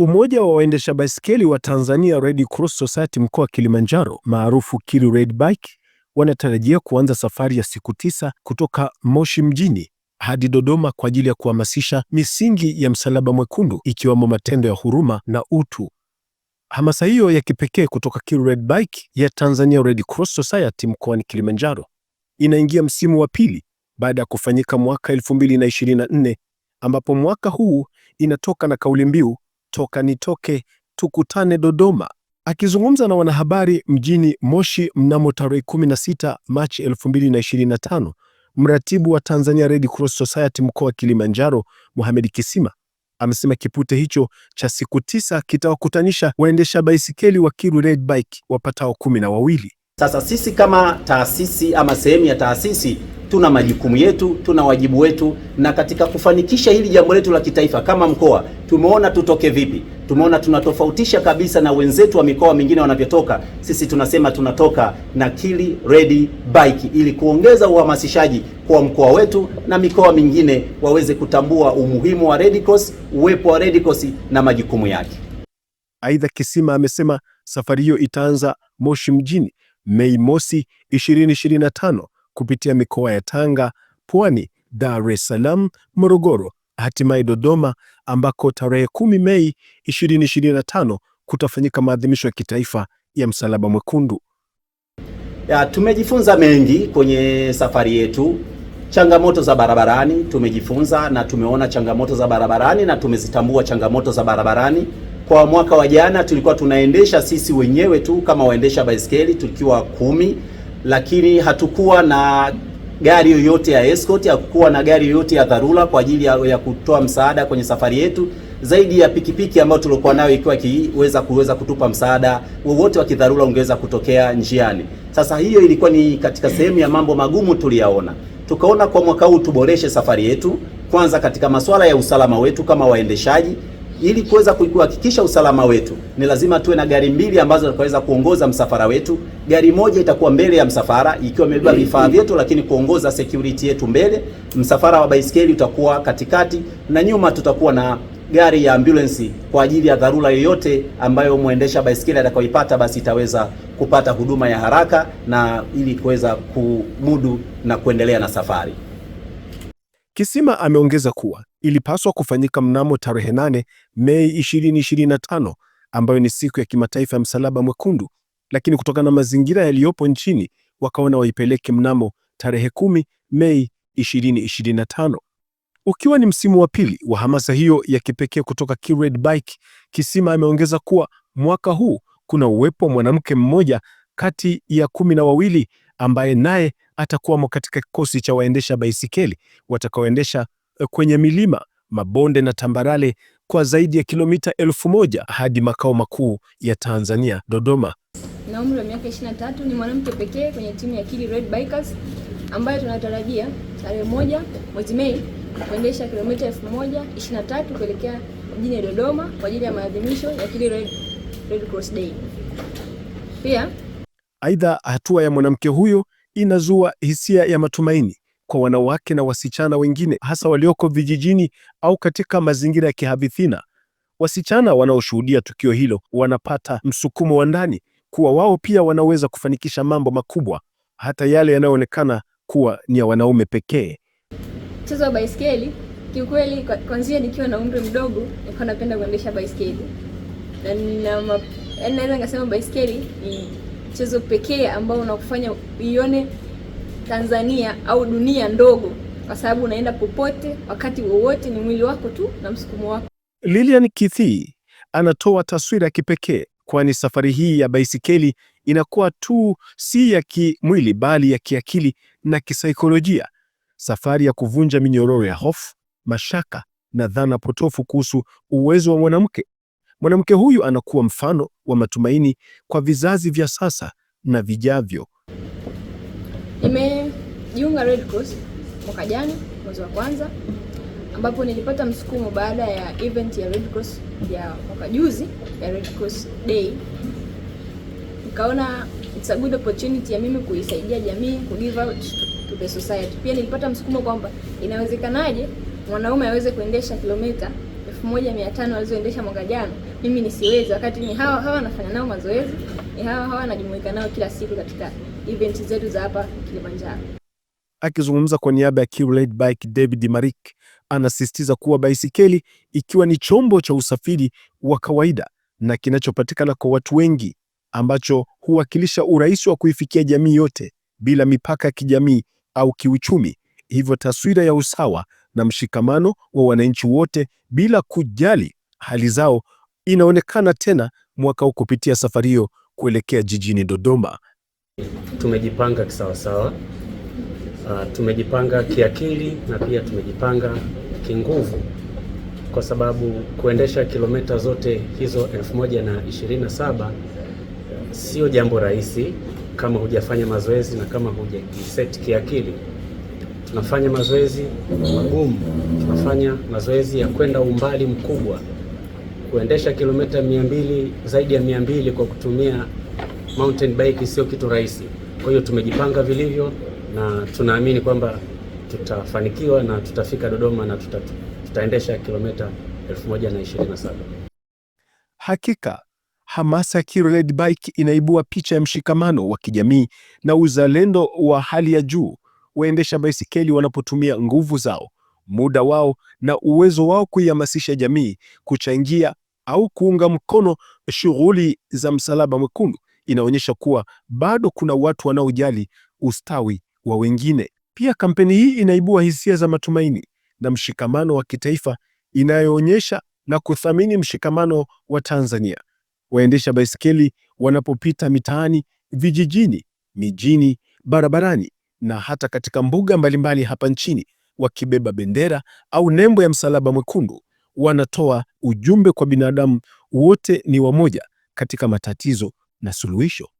Umoja wa waendesha baiskeli wa Tanzania Red Cross Society mkoa wa Kilimanjaro maarufu Kili Red Bike wanatarajia kuanza safari ya siku tisa kutoka Moshi mjini hadi Dodoma kwa ajili ya kuhamasisha misingi ya Msalaba Mwekundu ikiwemo matendo ya huruma na utu. Hamasa hiyo ya kipekee kutoka Kili Red Bike ya Tanzania Red Cross Society mkoani Kilimanjaro inaingia msimu wa pili baada ya kufanyika mwaka 2024 ambapo mwaka huu inatoka na kauli mbiu toka nitoke, tukutane Dodoma. Akizungumza na wanahabari mjini Moshi mnamo tarehe 16 Machi 2025, mratibu wa Tanzania Red Cross Society mkoa wa Kilimanjaro, Mohamed Kisima, amesema kipute hicho cha siku tisa kitawakutanisha waendesha baisikeli wa Kiru Red Bike wapatao kumi na wawili. Sasa sisi kama taasisi ama sehemu ya taasisi tuna majukumu yetu, tuna wajibu wetu, na katika kufanikisha hili jambo letu la kitaifa kama mkoa, tumeona tutoke vipi. Tumeona tunatofautisha kabisa na wenzetu wa mikoa mingine wanavyotoka. Sisi tunasema tunatoka na Kili Ready Bike ili kuongeza uhamasishaji kwa mkoa wetu na mikoa mingine waweze kutambua umuhimu wa Red Cross, uwepo wa Red Cross na majukumu yake. Aidha, Kisima amesema safari hiyo itaanza Moshi mjini Mei Mosi 2025 kupitia mikoa ya Tanga, Pwani, Dar es Salaam, Morogoro, hatimaye Dodoma, ambako tarehe 10 Mei 2025 kutafanyika maadhimisho ya kitaifa ya Msalaba Mwekundu. Ya, tumejifunza mengi kwenye safari yetu. Changamoto za barabarani tumejifunza na tumeona changamoto za barabarani na tumezitambua changamoto za barabarani. Kwa mwaka wa jana tulikuwa tunaendesha sisi wenyewe tu kama waendesha baiskeli tukiwa kumi, lakini hatukuwa na gari yoyote ya escort, hakukuwa na gari yoyote ya dharura kwa ajili ya, ya kutoa msaada kwenye safari yetu zaidi ya pikipiki ambayo tulikuwa nayo ikiwa kiweza kuweza kutupa msaada wowote wa kidharura ungeweza kutokea njiani. Sasa hiyo ilikuwa ni katika sehemu ya mambo magumu tuliyaona, tukaona kwa mwaka huu tuboreshe safari yetu kwanza katika masuala ya usalama wetu kama waendeshaji ili kuweza kuhakikisha usalama wetu ni lazima tuwe na gari mbili ambazo tutaweza kuongoza msafara wetu. Gari moja itakuwa mbele ya msafara ikiwa imebeba vifaa vyetu, lakini kuongoza security yetu mbele. Msafara wa baisikeli utakuwa katikati, na nyuma tutakuwa na gari ya ambulance kwa ajili ya dharura yoyote ambayo mwendesha baisikeli atakayoipata, basi itaweza kupata huduma ya haraka na ili kuweza kumudu na kuendelea na safari. Kisima ameongeza kuwa ilipaswa kufanyika mnamo tarehe 8 Mei 2025 ambayo ni siku ya kimataifa ya msalaba mwekundu, lakini kutokana na mazingira yaliyopo nchini wakaona waipeleke mnamo tarehe 10 Mei 2025. Ukiwa ni msimu wa pili wa hamasa hiyo ya kipekee kutoka Kired Bike, Kisima ameongeza kuwa mwaka huu kuna uwepo mwanamke mmoja kati ya kumi na wawili ambaye naye atakuwamo katika kikosi cha waendesha baisikeli watakaoendesha kwenye milima, mabonde na tambarare kwa zaidi ya kilomita elfu moja hadi makao makuu ya Tanzania, Dodoma. Na umri wa miaka 23, ni mwanamke pekee kwenye timu ya Kili Red Bikers ambayo tunatarajia tarehe moja mwezi Mei kuendesha kilomita tatu kuelekea mjini Dodoma kwa ajili ya maadhimisho ya Kili Red, Red Cross Day. Pia aidha, hatua ya mwanamke huyo inazua hisia ya matumaini kwa wanawake na wasichana wengine, hasa walioko vijijini au katika mazingira ya kihafidhina. Wasichana wanaoshuhudia tukio hilo wanapata msukumo wa ndani kuwa wao pia wanaweza kufanikisha mambo makubwa, hata yale yanayoonekana kuwa ni ya wanaume pekee. Mchezo wa baiskeli, kiukweli, kwanzia nikiwa na umri mdogo nilikuwa napenda kuendesha baiskeli na yaani naweza nikasema baiskeli ni mchezo pekee ambao unakufanya uione Tanzania au dunia ndogo, kwa sababu unaenda popote wakati wowote, ni mwili wako tu na msukumo wako. Lilian Kithi anatoa taswira ya kipekee, kwani safari hii ya baisikeli inakuwa tu si ya kimwili, bali ya kiakili na kisaikolojia, safari ya kuvunja minyororo ya hofu, mashaka na dhana potofu kuhusu uwezo wa mwanamke. Mwanamke huyu anakuwa mfano wa matumaini kwa vizazi vya sasa na vijavyo kujiunga Red Cross mwaka jana mwezi wa kwanza, ambapo nilipata msukumo baada ya event ya Red Cross ya mwaka juzi ya Red Cross Day, nikaona it's a good opportunity ya mimi kuisaidia jamii ku give out to the society. Pia nilipata msukumo kwamba inawezekanaje mwanaume aweze kuendesha kilomita 1500 alizoendesha mwaka jana, mimi nisiwezi, wakati ni hawa hawa nafanya nao mazoezi, ni hawa hawa najumuika nao kila siku katika event zetu za hapa Kilimanjaro. Akizungumza kwa niaba ya q Bike, David Marik anasisitiza kuwa baisikeli ikiwa ni chombo cha usafiri wa kawaida na kinachopatikana kwa watu wengi ambacho huwakilisha urahisi wa kuifikia jamii yote bila mipaka ya kijamii au kiuchumi, hivyo taswira ya usawa na mshikamano wa wananchi wote bila kujali hali zao inaonekana tena mwaka huu kupitia safari hiyo kuelekea jijini Dodoma. Tumejipanga kisawasawa Uh, tumejipanga kiakili na pia tumejipanga kinguvu kwa sababu kuendesha kilomita zote hizo 1027 sio jambo rahisi kama hujafanya mazoezi na kama hujajiset kiakili. Tunafanya mazoezi magumu, tunafanya mazoezi ya kwenda umbali mkubwa. Kuendesha kilomita 200 zaidi ya mbili kwa kutumia mountain bike sio kitu rahisi. Kwa hiyo tumejipanga vilivyo na tunaamini kwamba tutafanikiwa na tutafika Dodoma na tuta, tutaendesha kilomita 1027. Hakika hamasa Red Bike inaibua picha ya mshikamano wa kijamii na uzalendo wa hali ya juu. Waendesha baisikeli wanapotumia nguvu zao, muda wao na uwezo wao kuihamasisha jamii kuchangia au kuunga mkono shughuli za Msalaba Mwekundu, inaonyesha kuwa bado kuna watu wanaojali ustawi wa wengine. Pia kampeni hii inaibua hisia za matumaini na mshikamano wa kitaifa inayoonyesha na kuthamini mshikamano wa Tanzania. Waendesha baisikeli wanapopita mitaani, vijijini, mijini, barabarani na hata katika mbuga mbalimbali hapa nchini, wakibeba bendera au nembo ya Msalaba Mwekundu, wanatoa ujumbe kwa binadamu wote ni wamoja katika matatizo na suluhisho.